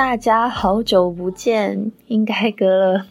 大家好久不見，應該隔了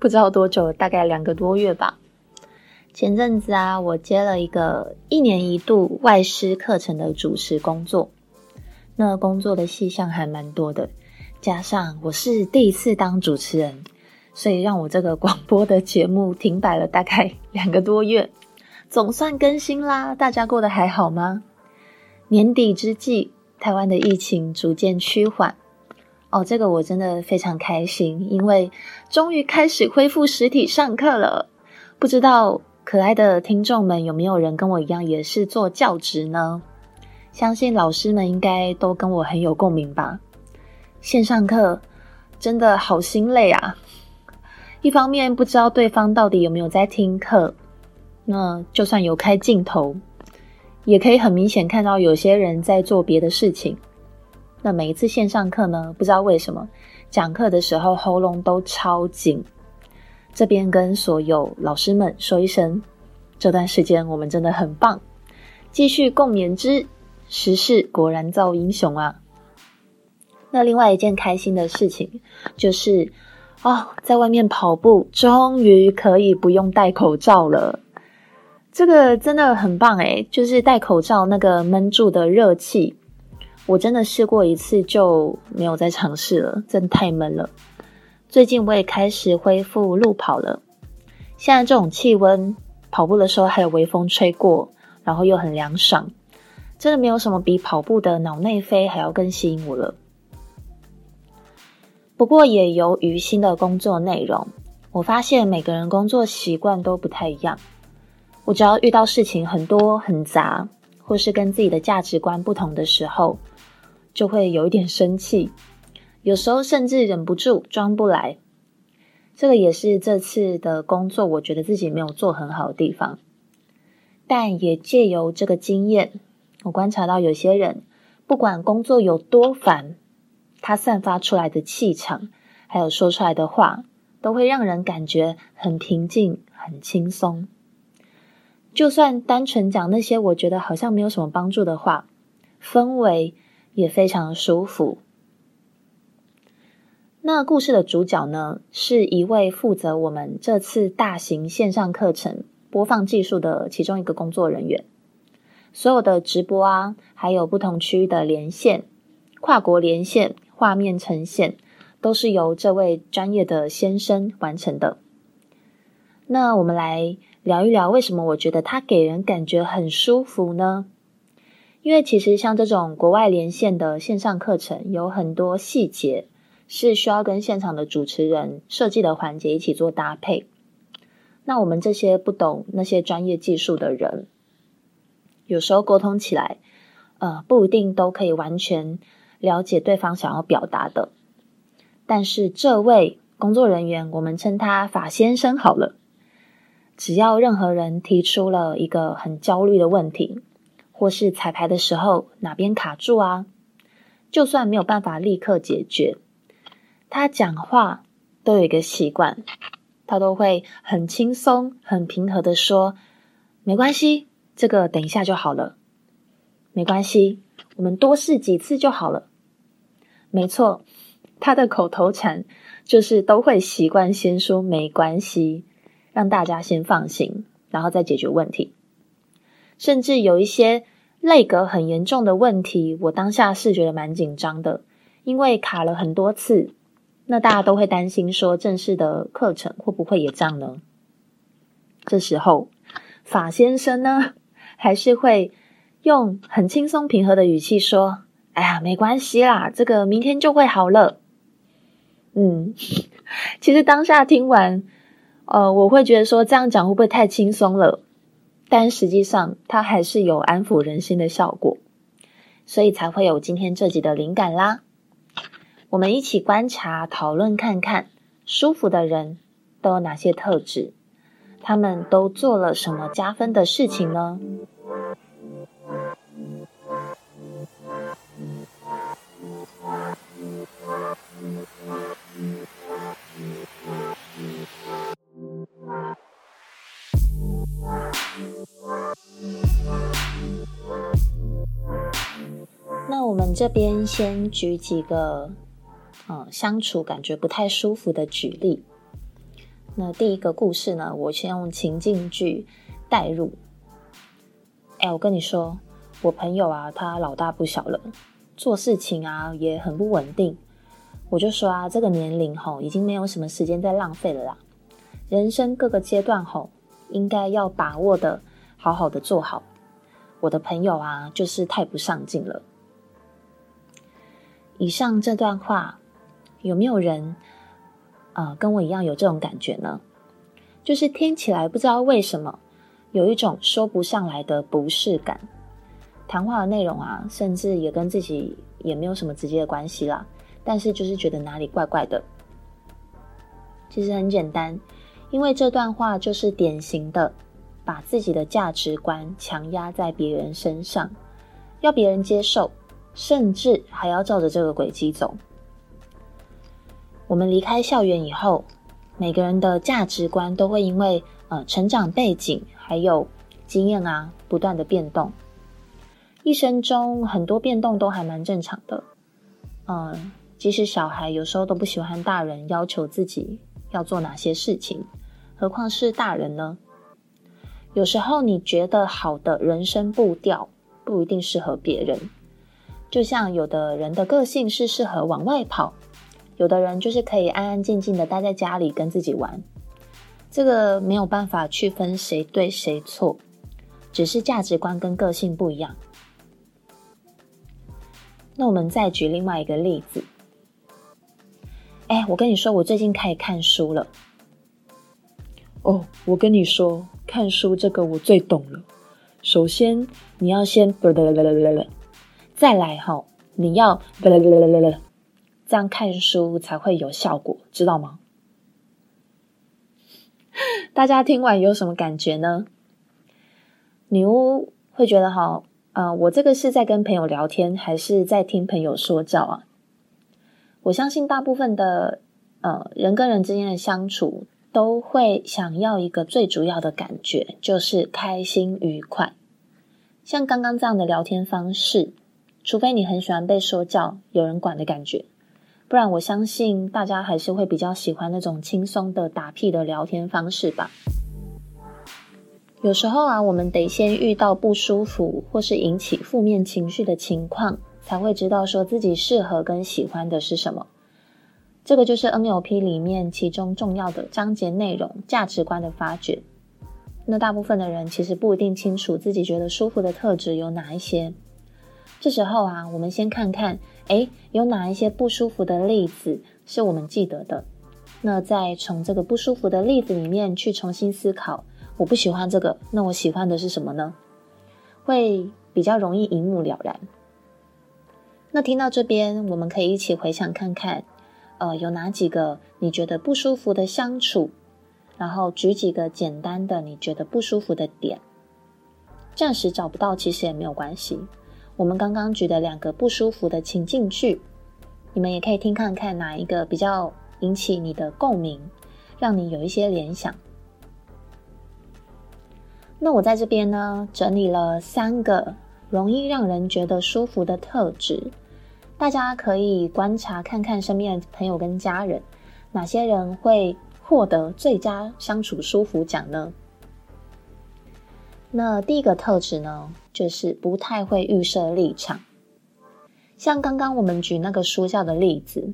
不知道多久，大概兩個多月吧。前陣子啊，我接了一個一年一度外師課程的主持工作，那工作的細項還蠻多的，加上我是第一次當主持人，所以讓我這個廣播的節目停擺了大概兩個多月。總算更新啦，大家過得還好嗎？年底之際，台灣的疫情逐漸趨緩。哦，這個我真的非常開心，因為終於開始恢復實體上課了。不知道可愛的聽眾們有沒有人跟我一樣也是做教職呢？相信老師們應該都跟我很有共鳴吧。線上課真的好心累啊！一方面不知道對方到底有沒有在聽課，那就算有開鏡頭，也可以很明顯看到有些人在做別的事情。那每一次線上課呢，不知道為什麼，講課的時候喉嚨都超緊。這邊跟所有老師們說一聲，這段時間我們真的很棒，繼續共勉之。時勢果然造英雄啊！那另外一件開心的事情就是，哦，在外面跑步終於可以不用戴口罩了，這個真的很棒誒、欸，就是戴口罩那個悶住的熱氣。我真的試過一次就沒有再嘗試了，真太悶了。最近我也開始恢復路跑了，現在這種氣溫，跑步的時候還有微風吹過，然後又很涼爽，真的沒有什麼比跑步的腦內啡還要更吸引我了。不過也由於新的工作內容，我發現每個人工作習慣都不太一樣。我只要遇到事情很多很雜，或是跟自己的價值觀不同的時候，就會有一點生氣，有時候甚至忍不住裝不來。這個也是這次的工作，我覺得自己沒有做很好的地方。但也借由這個經驗，我觀察到有些人不管工作有多煩，他散發出來的氣場，還有說出來的話，都會讓人感覺很平靜、很輕鬆。就算單純講那些我覺得好像沒有什麼幫助的話，氛圍也非常舒服。那故事的主角呢，是一位負責我們這次大型線上課程播放技術的其中一個工作人員。所有的直播啊，還有不同區域的連線、跨國連線、畫面呈現，都是由這位專業的先生完成的。那我們來聊一聊，為什麼我覺得他給人感覺很舒服呢？因為其實像這種國外連線的線上課程，有很多細節是需要跟現場的主持人設計的環節一起做搭配。那我們這些不懂那些專業技術的人，有時候溝通起來，呃，不一定都可以完全了解對方想要表達的。但是這位工作人員，我們稱他法先生好了。只要任何人提出了一個很焦慮的問題，或是彩排的時候，哪邊卡住啊？就算沒有辦法立刻解決，他講話都有一個習慣，他都會很輕鬆、很平和的說：“沒關係，這個等一下就好了。”“沒關係，我們多試幾次就好了。”沒錯，他的口頭禪就是都會習慣先說“沒關係”，讓大家先放心，然後再解決問題。甚至有一些。累格很嚴重的問題，我當下是覺得蠻緊張的，因為卡了很多次，那大家都會擔心說正式的課程會不會也這樣呢？這時候，法先生呢還是會用很輕鬆平和的語氣說：“哎呀，沒關係啦，這個明天就會好了。”嗯，其實當下聽完，呃，我會覺得說這樣講會不會太輕鬆了？但實際上，它還是有安撫人心的效果，所以才會有今天這集的靈感啦。我們一起觀察、討論看看，舒服的人都有哪些特質？他們都做了什麼加分的事情呢？這邊先舉幾個，呃、嗯、相處感覺不太舒服的舉例。那第一個故事呢，我先用情境句帶入。哎、欸，我跟你說，我朋友啊，他老大不小了，做事情啊也很不穩定。我就說啊，這個年齡吼，已經沒有什麼時間再浪費了啦。人生各個階段吼，應該要把握的，好好的做好。我的朋友啊，就是太不上進了。以上這段話，有沒有人，呃，跟我一樣有這種感覺呢？就是聽起來不知道為什麼，有一種說不上來的不適感。談話的內容啊，甚至也跟自己也沒有什麼直接的關係啦，但是就是覺得哪裡怪怪的。其實很簡單，因為這段話就是典型的把自己的價值觀強壓在別人身上，要別人接受。甚至還要照着這個軌跡走。我們離開校園以後，每個人的價值觀都會因為呃，成長背景還有經驗啊，不斷的變動。一生中很多變動都還蠻正常的。嗯，即使小孩有時候都不喜歡大人要求自己要做哪些事情，何況是大人呢？有時候你覺得好的人生步調不一定適合別人。就像有的人的個性是適合往外跑，有的人就是可以安安靜靜的待在家裡跟自己玩，這個沒有辦法區分誰對誰錯，只是價值觀跟個性不一樣。那我們再舉另外一個例子，哎、欸，我跟你說，我最近開始看書了。哦，我跟你說，看書這個我最懂了。首先，你要先。再來齁，你要這樣看書才會有效果，知道嗎？大家聽完有什麼感覺呢？女巫會覺得齁，呃，我這個是在跟朋友聊天，還是在聽朋友說教啊？我相信大部分的，呃，人跟人之間的相處，都會想要一個最主要的感覺，就是開心愉快。像剛剛這樣的聊天方式。除非你很喜歡被說教、有人管的感覺，不然我相信大家還是會比較喜歡那種輕鬆的打屁的聊天方式吧。有時候啊，我們得先遇到不舒服或是引起負面情緒的情況，才會知道說自己適合跟喜歡的是什麼。這個就是 NLP 裡面其中重要的章節內容——價值觀的發掘。那大部分的人其實不一定清楚自己覺得舒服的特質有哪一些。這時候啊，我們先看看，哎，有哪一些不舒服的例子是我們記得的？那再從這個不舒服的例子裡面去重新思考，我不喜歡這個，那我喜歡的是什麼呢？會比較容易一目了然。那聽到這邊，我們可以一起回想看看，呃，有哪幾個你覺得不舒服的相處，然後舉幾個簡單的你覺得不舒服的點。暫時找不到其實也沒有關係。我們剛剛舉的兩個不舒服的情境句，你們也可以聽看看哪一個比較引起你的共鳴，讓你有一些聯想。那我在這邊呢，整理了三個容易讓人覺得舒服的特質，大家可以觀察看看身邊的朋友跟家人，哪些人會獲得最佳相處舒服獎呢？那第一個特質呢，就是不太會預設立場。像剛剛我們舉那個說教的例子，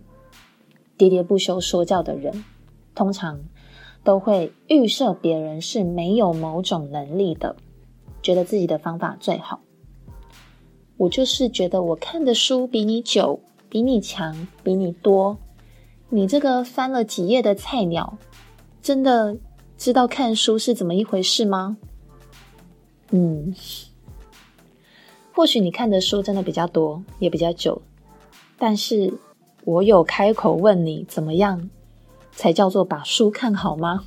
喋喋不休說教的人，通常都會預設別人是沒有某種能力的，覺得自己的方法最好。我就是覺得我看的書比你久，比你強，比你多。你這個翻了幾頁的菜鳥，真的知道看書是怎麼一回事嗎？嗯，或許你看的書真的比較多，也比較久，但是我有開口問你怎麼樣，才叫做把書看好嗎？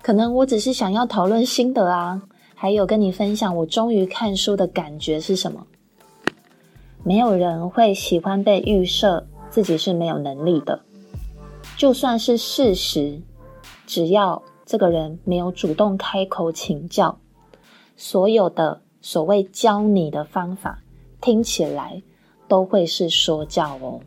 可能我只是想要討論心得啊，還有跟你分享我終於看書的感覺是什麼。沒有人會喜歡被預設自己是沒有能力的，就算是事實，只要這個人沒有主動開口請教。所有的所謂教你的方法，聽起來都會是說教哦。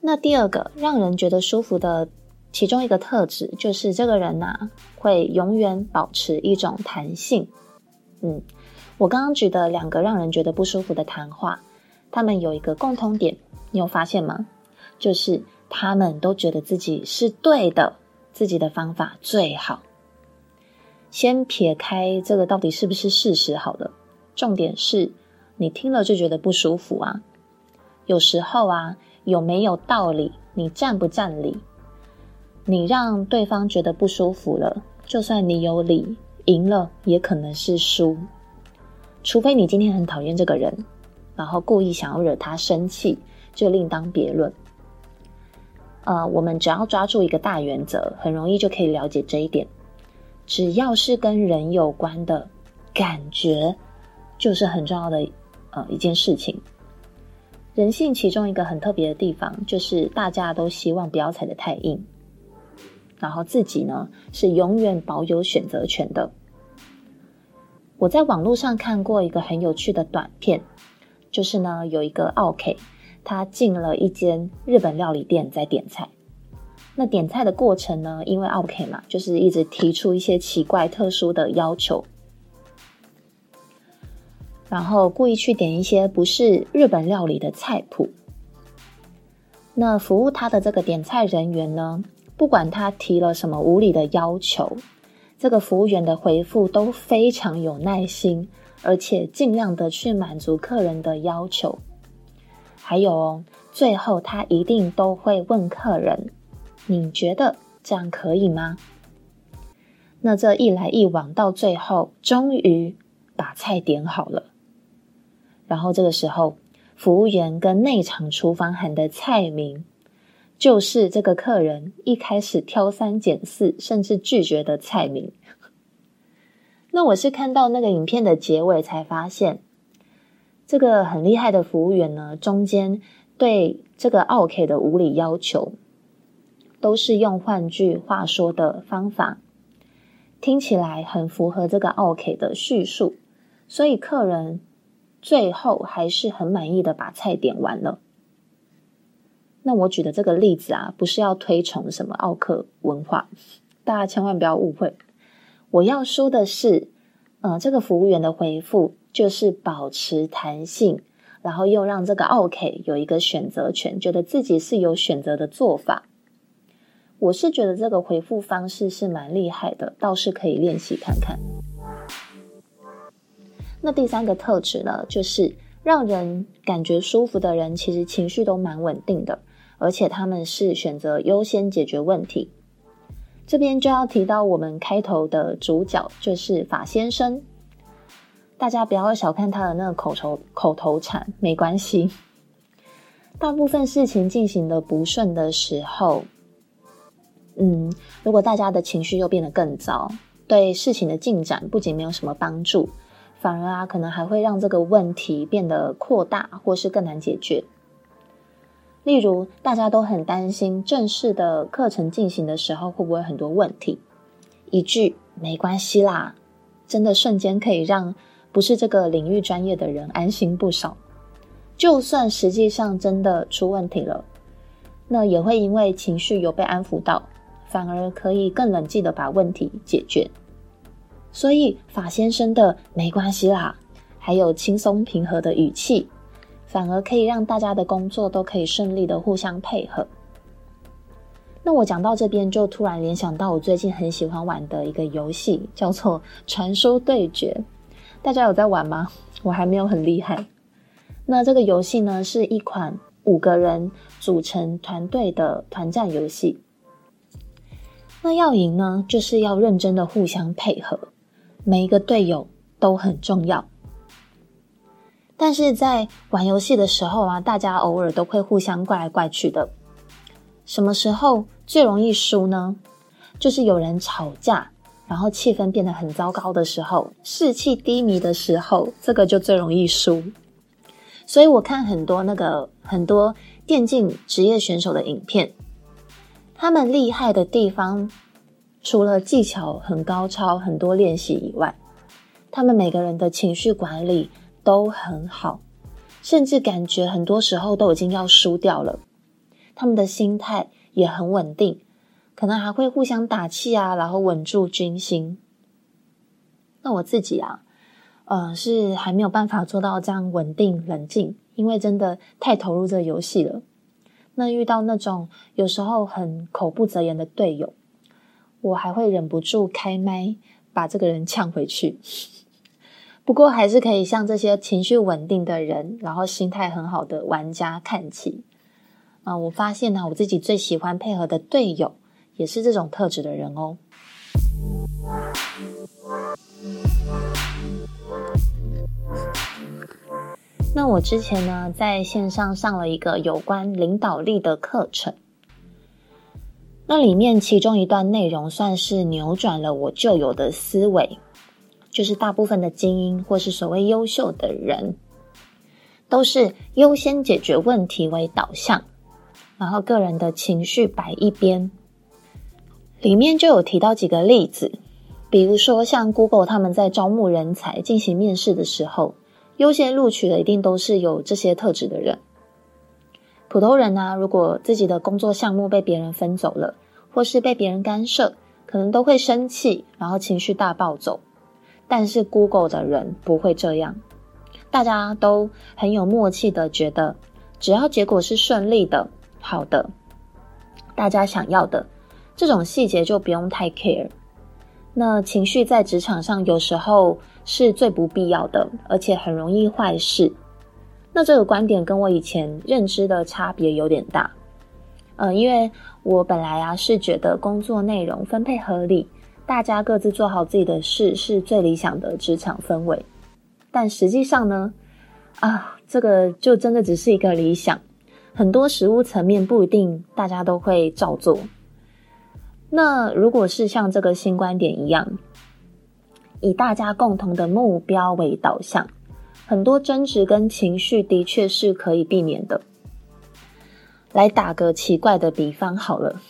那第二個讓人覺得舒服的其中一個特質，就是這個人呢、啊、會永遠保持一種彈性。嗯，我剛剛舉的兩個讓人覺得不舒服的談話，他們有一個共通點，你有發現嗎？就是他們都覺得自己是對的，自己的方法最好。先撇開這個到底是不是事實好了，重點是，你聽了就覺得不舒服啊。有時候啊，有沒有道理，你佔不佔理，你讓對方覺得不舒服了，就算你有理，贏了也可能是輸。除非你今天很討厭這個人，然後故意想要惹他生氣，就另當別論。呃，我們只要抓住一個大原則，很容易就可以了解這一點。只要是跟人有關的感覺，就是很重要的呃一件事情。人性其中一個很特別的地方，就是大家都希望不要踩得太硬，然後自己呢是永遠保有選擇權的。我在網絡上看過一個很有趣的短片，就是呢有一個奧客，他進了一間日本料理店在點菜。那點菜的過程呢，因為 OK 嘛，就是一直提出一些奇怪、特殊的要求，然後故意去點一些不是日本料理的菜譜。那服務他的這個點菜人員呢，不管他提了什麼無理的要求，這個服務員的回覆都非常有耐心，而且儘量的去滿足客人的要求。還有哦，最後他一定都會問客人。你覺得這樣可以嗎？那這一來一往，到最後終於把菜點好了。然後這個時候，服務員跟內場廚房喊的菜名，就是這個客人一開始挑三揀四甚至拒絕的菜名。那我是看到那個影片的結尾才發現，這個很厲害的服務員呢，中間對這個奧 K 的無理要求。都是用換句話說的方法，聽起來很符合這個奧 K 的敘述，所以客人最後還是很滿意的把菜點完了。那我舉的這個例子啊，不是要推崇什麼奧克文化，大家千萬不要誤會。我要說的是，呃，這個服務員的回復就是保持彈性，然後又讓這個奧 K 有一個選擇權，覺得自己是有選擇的做法。我是覺得這個回覆方式是蠻厲害的，倒是可以練習看看。那第三個特質呢，就是讓人感覺舒服的人，其實情緒都蠻穩定的，而且他們是選擇優先解決問題。這邊就要提到我們開頭的主角，就是法先生。大家不要小看他的那個口頭口頭禪，沒關係。大部分事情進行得不順的時候。嗯，如果大家的情緒又變得更糟，對事情的進展不僅沒有什麼幫助，反而啊，可能還會讓這個問題變得擴大，或是更難解決。例如，大家都很擔心正式的課程進行的時候會不會有很多問題，一句“沒關係啦”，真的瞬間可以讓不是這個領域專業的人安心不少。就算實際上真的出問題了，那也會因為情緒有被安撫到。反而可以更冷靜的把問題解決，所以法先生的沒關係啦，還有輕鬆平和的語氣，反而可以讓大家的工作都可以順利的互相配合。那我講到這邊，就突然聯想到我最近很喜歡玩的一個遊戲，叫做《傳說對決》，大家有在玩嗎？我還沒有很厲害。那這個遊戲呢，是一款五個人組成團隊的團戰遊戲。那要贏呢，就是要認真的互相配合，每一個隊友都很重要。但是在玩遊戲的時候啊，大家偶爾都會互相怪來怪去的。什麼時候最容易輸呢？就是有人吵架，然後氣氛變得很糟糕的時候，士氣低迷的時候，這個就最容易輸。所以我看很多那個，很多電競職業選手的影片，他們厲害的地方，除了技巧很高超，很多練習以外，他們每個人的情緒管理都很好，甚至感覺很多時候都已經要輸掉了，他們的心態也很穩定，可能還會互相打氣啊，然後穩住軍心。那我自己啊，嗯、呃，是還沒有辦法做到這樣穩定冷靜，因為真的太投入這遊戲了。那遇到那種有時候很口不擇言的隊友，我還會忍不住開麥把這個人嗆回去。 不過還是可以向這些情緒穩定的人，然後心態很好的玩家看齊啊！我發現呢，我自己最喜歡配合的隊友也是這種特質的人哦。 那我之前呢，在線上上了一個有關領導力的課程，那裡面其中一段內容算是扭轉了我舊有的思維，就是大部分的精英或是所謂優秀的人，都是優先解決問題為導向，然後個人的情緒擺一邊。裡面就有提到幾個例子，比如說像 Google 他們在招募人才進行面試的時候。優先錄取的一定都是有這些特質的人。普通人呢、啊，如果自己的工作項目被別人分走了，或是被別人干涉，可能都會生氣，然後情緒大暴走。但是 Google 的人不會這樣，大家都很有默契地，覺得只要結果是順利的、好的，大家想要的，這種細節就不用太 care。那情緒在職場上有時候是最不必要的，而且很容易壞事。那這個觀點跟我以前認知的差別有點大。呃，因為我本來啊是覺得工作內容分配合理，大家各自做好自己的事是最理想的職場氛圍。但實際上呢，啊，這個就真的只是一個理想，很多實務層面不一定大家都會照做。那如果是像這個新觀點一樣，以大家共同的目標為導向，很多爭執跟情緒的確是可以避免的。來打個奇怪的比方好了，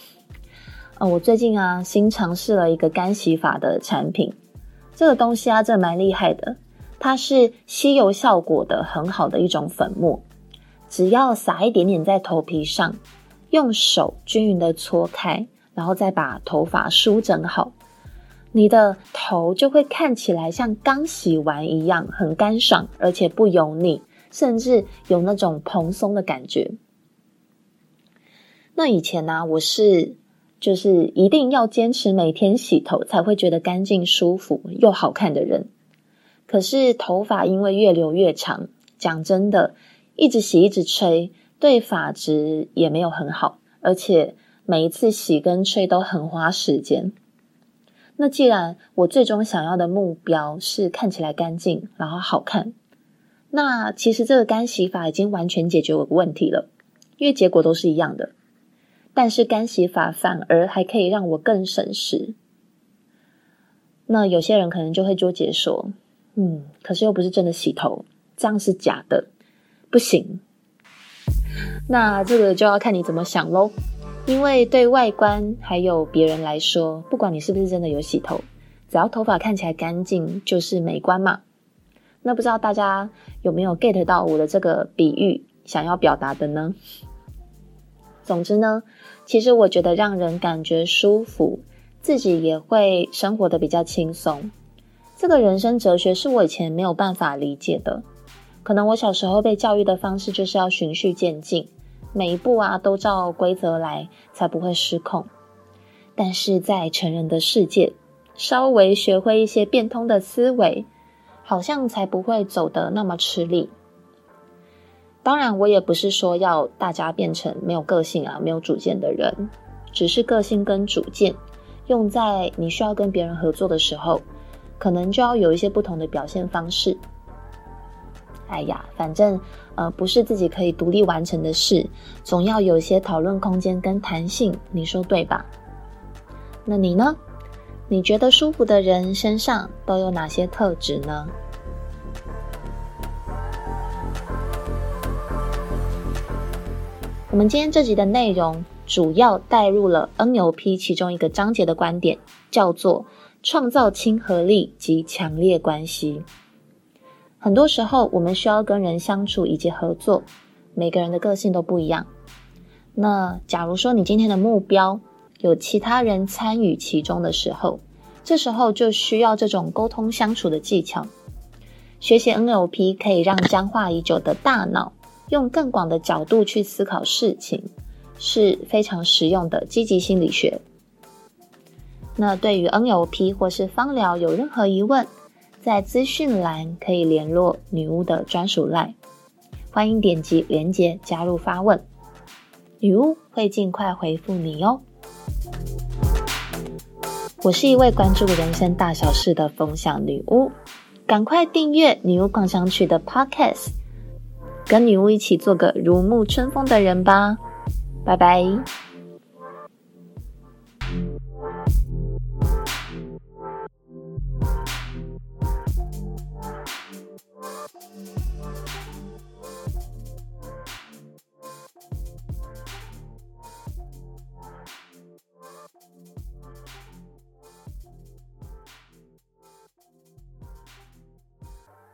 啊、哦，我最近啊新嘗試了一個乾洗法的產品，這個東西啊，這蠻厲害的，它是吸油效果的很好的一種粉末，只要撒一點點在頭皮上，用手均勻的搓開。然後再把頭髮梳整好，你的頭就會看起來像剛洗完一樣，很乾爽，而且不油膩，甚至有那種蓬鬆的感覺。那以前呢、啊，我是就是一定要堅持每天洗頭，才會覺得乾淨、舒服又好看的人。可是頭髮因為越留越長，講真的，一直洗一直吹，對髮質也沒有很好，而且。每一次洗跟吹都很花時間。那既然我最終想要的目標是看起來乾淨，然後好看，那其實這個乾洗法已經完全解決我的問題了，因為結果都是一樣的。但是乾洗法反而還可以讓我更省時。那有些人可能就會糾結說：“嗯，可是又不是真的洗頭，這樣是假的，不行。”那這個就要看你怎麼想嘍。因為對外觀還有別人來說，不管你是不是真的有洗頭，只要頭髮看起來乾淨，就是美觀嘛。那不知道大家有沒有 get 到我的這個比喻想要表達的呢？總之呢，其實我覺得讓人感覺舒服，自己也會生活得比較輕鬆。這個人生哲學是我以前沒有辦法理解的，可能我小時候被教育的方式就是要循序漸進。每一步啊，都照規則來，才不會失控。但是在成人的世界，稍微學會一些變通的思維，好像才不會走得那麼吃力。當然，我也不是說要大家變成沒有個性啊、沒有主見的人，只是個性跟主見，用在你需要跟別人合作的時候，可能就要有一些不同的表現方式。哎呀，反正呃不是自己可以獨立完成的事，總要有些討論空間跟彈性，你說對吧？那你呢？你覺得舒服的人身上都有哪些特質呢？我們今天這集的內容主要帶入了 NLP 其中一個章節的觀點，叫做創造親和力及強烈關係。很多時候，我們需要跟人相處以及合作，每個人的個性都不一樣。那假如說你今天的目標有其他人參與其中的時候，這時候就需要這種溝通相處的技巧。學習 NLP 可以讓僵化已久的大腦用更廣的角度去思考事情，是非常實用的積極心理學。那對於 NLP 或是芳療有任何疑問？在資訊欄可以聯絡女巫的專屬賴，歡迎點擊鏈接加入發問，女巫會盡快回復你哦。我是一位關注人生大小事的風象女巫，趕快訂閱女巫狂想曲的 Podcast，跟女巫一起做個如沐春風的人吧，拜拜。